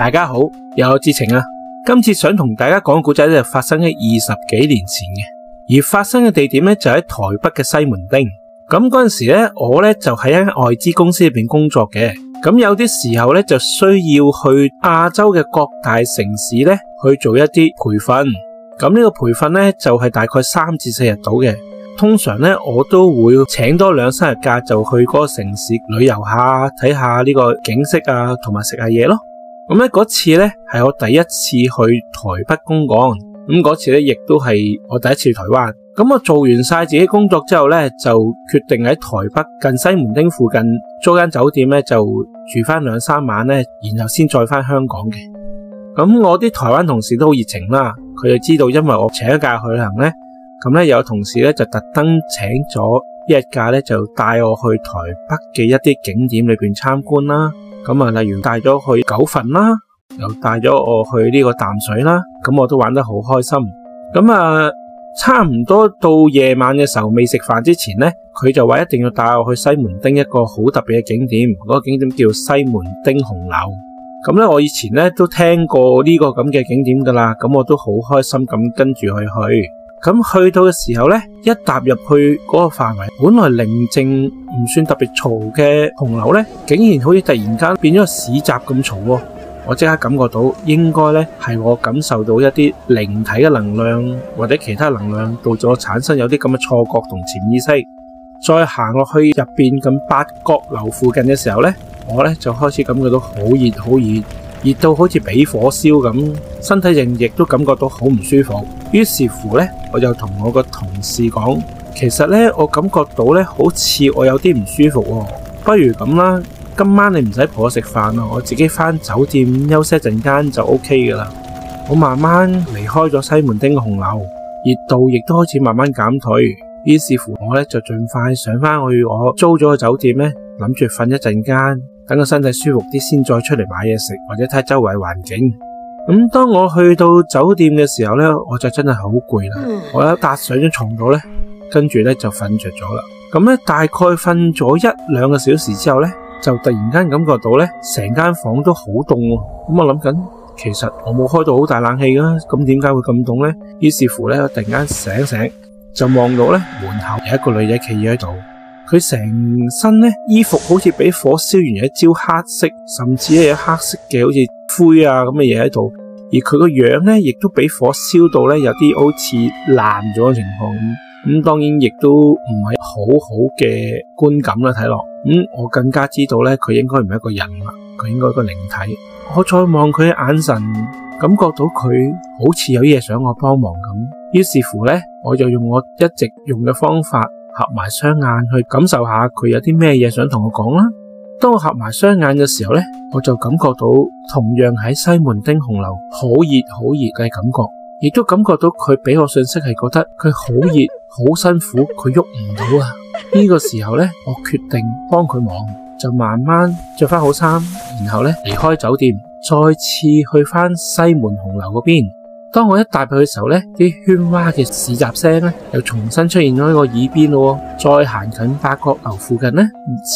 大家好，有智澄啊！今次想同大家講嘅古仔咧，就發生喺二十幾年前嘅，而發生嘅地點咧就喺台北嘅西門町。咁嗰陣時咧，我咧就喺一間外資公司入邊工作嘅。咁、嗯、有啲時候咧，就需要去亞洲嘅各大城市咧去做一啲培訓。咁、嗯、呢、這個培訓咧就係、是、大概三至四日度嘅。通常咧，我都會請多兩三日假，就去嗰個城市旅遊下，睇下呢個景色啊，同埋食下嘢咯。咁咧嗰次咧係我第一次去台北公館，咁嗰次咧亦都係我第一次去台灣。咁我做完晒自己工作之後咧，就決定喺台北近西門町附近租間酒店咧，就住翻兩三晚咧，然後先再翻香港嘅。咁我啲台灣同事都好熱情啦，佢就知道因為我請假去旅行咧，咁咧有同事咧就特登請咗一日假咧，就帶我去台北嘅一啲景點裏邊參觀啦。咁啊，例如帶咗去九份啦，又帶咗我去呢個淡水啦，咁我都玩得好開心。咁啊，差唔多到夜晚嘅時候，未食飯之前咧，佢就話一定要帶我去西門町一個好特別嘅景點，嗰個景點叫西門町紅樓。咁咧，我以前咧都聽過呢個咁嘅景點噶啦，咁我都好開心咁跟住佢去。咁去到嘅時候呢，一踏入去嗰個範圍，本來寧靜唔算特別嘈嘅紅樓呢，竟然好似突然間變咗個市集咁嘈喎！我即刻感覺到應該呢係我感受到一啲靈體嘅能量或者其他能量到咗，產生有啲咁嘅錯覺同潛意識。再行落去入邊咁八角樓附近嘅時候呢，我呢就開始感覺到好熱，好熱，熱到好似俾火燒咁，身體上亦都感覺到好唔舒服。於是乎呢，我就同我個同事講，其實呢，我感覺到呢，好似我有啲唔舒服喎、哦，不如咁啦，今晚你唔使陪我食飯啦，我自己返酒店休息一陣間就 OK 噶啦。我慢慢離開咗西門町嘅紅樓，熱度亦都開始慢慢減退。於是乎我呢，就盡快上返去我租咗嘅酒店呢，諗住瞓一陣間，等個身體舒服啲先再出嚟買嘢食或者睇下周圍環境。咁當我去到酒店嘅時候呢，我就真係好攰啦。嗯、我一搭上咗床度咧，跟住咧就瞓着咗啦。咁咧大概瞓咗一兩個小時之後呢，就突然間感覺到咧，成間房都好凍。咁我諗緊，其實我冇開到好大冷氣㗎，咁點解會咁凍呢？於是乎呢，我突然間醒醒，就望到咧門口有一個女仔企喺度。佢成身呢，衣服好似俾火燒完，一朝黑色，甚至係有黑色嘅，好似灰啊咁嘅嘢喺度。而佢個樣呢，亦都俾火燒到呢，有啲好似爛咗嘅情況咁、嗯。當然亦都唔係好好嘅觀感啦，睇落咁我更加知道呢，佢應該唔係一個人喇，佢應該係一個靈體。我再望佢嘅眼神，感覺到佢好似有啲嘢想我幫忙咁。於是乎呢，我就用我一直用嘅方法。合埋雙眼去感受下佢有啲咩嘢想同我講啦。當我合埋雙眼嘅時候咧，我就感覺到同樣喺西門町紅樓好熱好熱嘅感覺，亦都感覺到佢俾我信息係覺得佢好熱好辛苦，佢喐唔到啊。呢個時候咧，我決定幫佢忙，就慢慢着翻好衫，然後咧離開酒店，再次去翻西門紅樓嗰邊。當我一踏入去嘅時候呢，啲喧嘩嘅市集聲咧又重新出現咗喺我耳邊咯。再行近法國樓附近呢，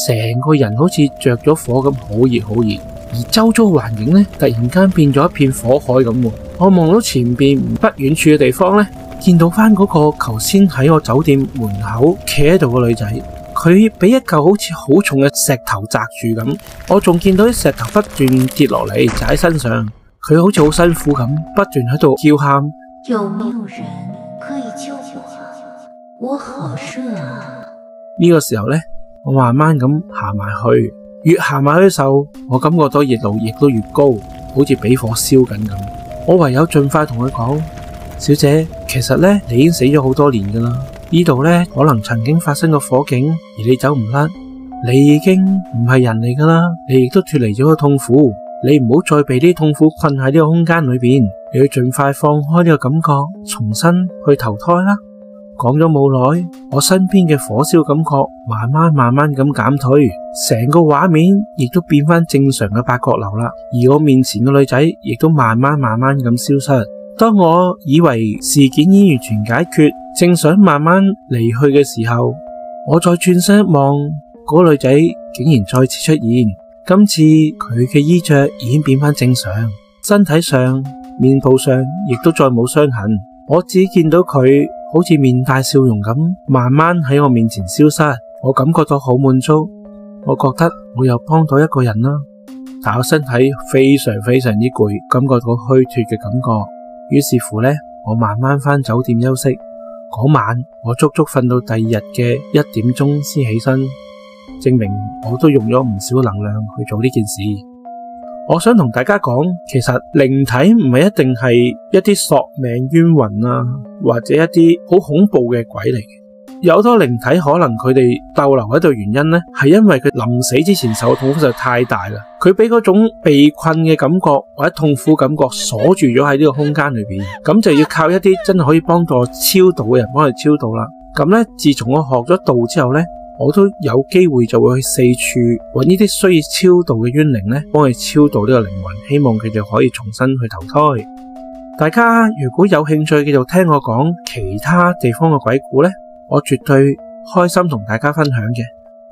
成個人好似着咗火咁，好熱好熱。而周遭環境呢，突然間變咗一片火海咁。我望到前面不遠處嘅地方呢，見到翻嗰個頭先喺我酒店門口企喺度嘅女仔，佢被一嚿好似好重嘅石頭砸住咁，我仲見到啲石頭不斷跌落嚟，砸喺身上。佢好似好辛苦咁，不斷喺度叫喊。有沒有人可以救我？我好熱啊！呢、嗯這個時候咧，我慢慢咁行埋去，越行埋去嘅時候，我感覺到熱度亦都越高，好似俾火燒緊咁。我唯有盡快同佢講，小姐，其實咧你已經死咗好多年噶啦，呢度咧可能曾經發生過火警，而你走唔甩，你已經唔係人嚟噶啦，你亦都脫離咗個痛苦。你唔好再被啲痛苦困喺呢個空間裏邊，你要盡快放開呢個感覺，重新去投胎啦。講咗冇耐，我身邊嘅火燒感覺慢慢慢慢咁減退，成個畫面亦都變翻正常嘅八角樓啦。而我面前嘅女仔亦都慢慢慢慢咁消失。當我以為事件已完全解決，正想慢慢離去嘅時候，我再轉身一望，嗰女仔竟然再次出現。今次佢嘅衣着已經變返正常，身體上、面部上亦都再冇傷痕，我只見到佢好似面帶笑容咁，慢慢喺我面前消失，我感覺到好滿足，我覺得我又幫到一個人啦，但我身體非常非常之攰，感覺到虛脫嘅感覺，於是乎呢，我慢慢返酒店休息，嗰晚我足足瞓到第二日嘅一點鐘先起身。證明我都用咗唔少能量去做呢件事。我想同大家講，其實靈體唔係一定係一啲索命冤魂啊，或者一啲好恐怖嘅鬼嚟嘅。有好多靈體可能佢哋逗留喺度原因呢，係因為佢臨死之前受嘅痛苦就太大啦，佢俾嗰種被困嘅感覺或者痛苦感覺鎖住咗喺呢個空間裏邊，咁就要靠一啲真係可以幫助超度嘅人幫佢超度啦。咁呢，自從我學咗道之後呢。我都有機會就會去四處揾呢啲需要超度嘅冤靈咧，幫佢超度呢個靈魂，希望佢哋可以重新去投胎。大家如果有興趣繼續聽我講其他地方嘅鬼故咧，我絕對開心同大家分享嘅。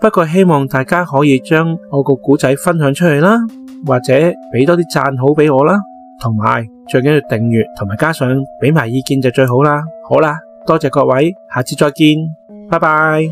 不過希望大家可以將我個故仔分享出去啦，或者俾多啲讚好俾我啦，同埋最緊要訂閱同埋加上俾埋意見就最好啦。好啦，多謝各位，下次再見，拜拜。